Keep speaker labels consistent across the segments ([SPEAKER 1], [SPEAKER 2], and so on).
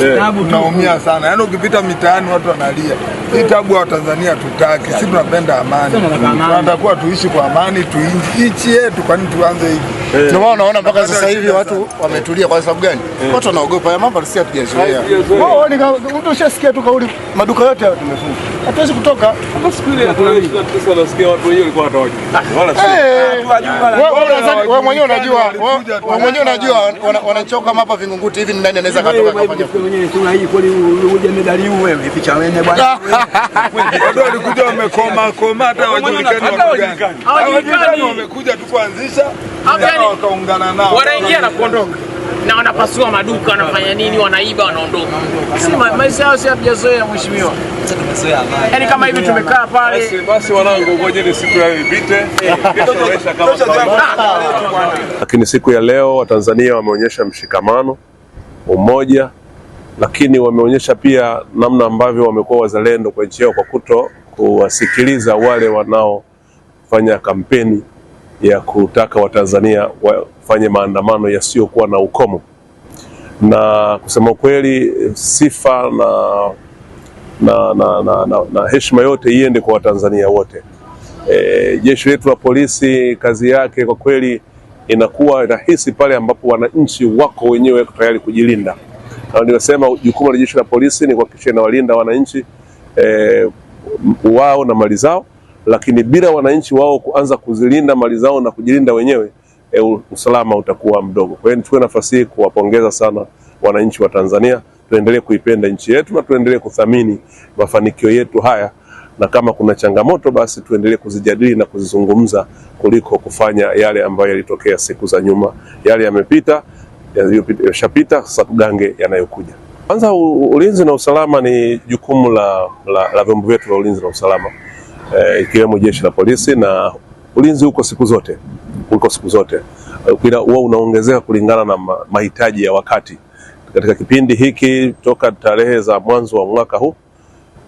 [SPEAKER 1] yeah. Eh, Tunaumia sana yaani, ukipita mitaani watu wanalia hii tabu ya Watanzania tutaki, si tunapenda amani, tunatakuwa tuishi kwa amani tuichi yetu, kwani tuanze hivi
[SPEAKER 2] yeah. Ndio maana unaona mpaka sasa hivi watu wametulia kwa sababu gani? Eh. Watu wanaogopa ya mambo sisi hatujazoea.
[SPEAKER 3] Ushasikia tu kauli, maduka yote tumefunga, hatuwezi kutoka
[SPEAKER 4] hapa siku
[SPEAKER 1] mwenyewe unajua, wewe wanachoka kama Vingunguti hivi nani anaweza katoka kwa mwenyewe. Mwenyewe wamekuja tu kuanzisha wakaungana nao.
[SPEAKER 5] Wanaingia na kuondoka na wanapasua maduka, wanafanya nini, wanaiba, wanaondoka.
[SPEAKER 3] Si maisha yao, si hatujazoea mheshimiwa. Yaani kama hivi tumekaa pale,
[SPEAKER 1] basi wanangu, ngojeni siku yao ipite. Eh.
[SPEAKER 6] Lakini siku ya leo Watanzania wameonyesha mshikamano, umoja, lakini wameonyesha pia namna ambavyo wamekuwa wazalendo kwa nchi yao kwa kuto kuwasikiliza wale wanaofanya kampeni ya kutaka Watanzania wafanye maandamano yasiyokuwa na ukomo, na kusema kweli sifa na, na, na, na, na, na heshima yote iende kwa Watanzania wote. E, jeshi letu la polisi kazi yake kwa kweli inakuwa rahisi pale ambapo wananchi wako wenyewe tayari kujilinda, na nimesema jukumu la jeshi la polisi ni kuhakikisha inawalinda wananchi e, wao na mali zao lakini bila wananchi wao kuanza kuzilinda mali zao na kujilinda wenyewe e, usalama utakuwa mdogo. Kwa hiyo nichukue nafasi hii kuwapongeza sana wananchi wa Tanzania. Tuendelee kuipenda nchi yetu na tuendelee kuthamini mafanikio yetu haya, na kama kuna changamoto basi tuendelee kuzijadili na kuzizungumza kuliko kufanya yale ambayo yalitokea siku za nyuma. Yale yamepita, yashapita, sasa tugange yanayokuja. Kwanza, ulinzi na usalama ni jukumu la, la, la vyombo vyetu vya ulinzi na usalama. Eh, ikiwemo jeshi la polisi na ulinzi uko siku zote, uko siku zote eh, huwa unaongezeka kulingana na mahitaji ya wakati. Katika kipindi hiki toka tarehe za mwanzo wa mwaka huu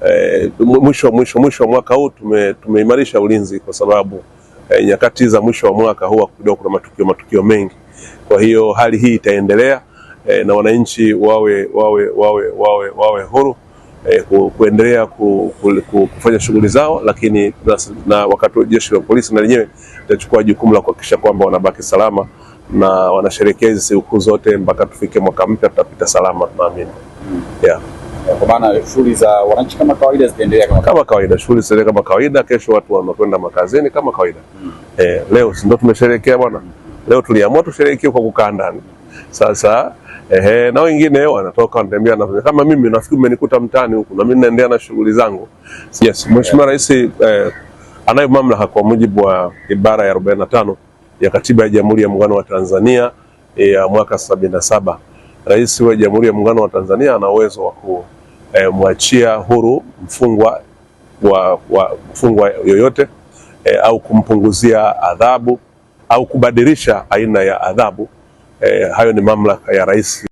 [SPEAKER 6] eh, mwisho mwisho mwisho wa mwaka huu tume, tumeimarisha ulinzi kwa sababu eh, nyakati za mwisho wa mwaka huwa kidogo kuna matukio matukio mengi. Kwa hiyo hali hii itaendelea eh, na wananchi wawe, wawe, wawe, wawe, wawe huru eh, ku, kuendelea ku, ku, ku, kufanya shughuli zao, lakini na, na wakati jeshi la polisi na lenyewe litachukua jukumu la kuhakikisha kwamba wanabaki salama na wanasherehekea hizi sikukuu zote mpaka tufike mwaka mpya, tutapita salama tunaamini. hmm. yeah.
[SPEAKER 2] Kwa maana shughuli za wananchi kama kawaida zitaendelea kama
[SPEAKER 6] kawaida, kawaida. Shughuli zitaendelea kama kawaida. Kesho watu wanakwenda makazini kama kawaida. hmm. Eh, leo ndio tumesherehekea bwana. Hmm. Leo tuliamua tusherehekee kwa kukaa ndani sasa Ehe, na wengine wanatoka wanatembea na kama mimi nafikiri umenikuta mtaani huku na mimi naendelea na shughuli zangu. Yes, Mheshimiwa Rais eh, anayo mamlaka kwa mujibu wa ibara ya 45 ya Katiba ya Jamhuri ya Muungano wa Tanzania eh, ya mwaka 77. Rais wa Jamhuri ya Muungano wa Tanzania ana uwezo wa kumwachia eh, huru mfungwa wa, wa mfungwa yoyote eh, au kumpunguzia adhabu au kubadilisha aina ya adhabu eh, hayo ni mamlaka ya rais.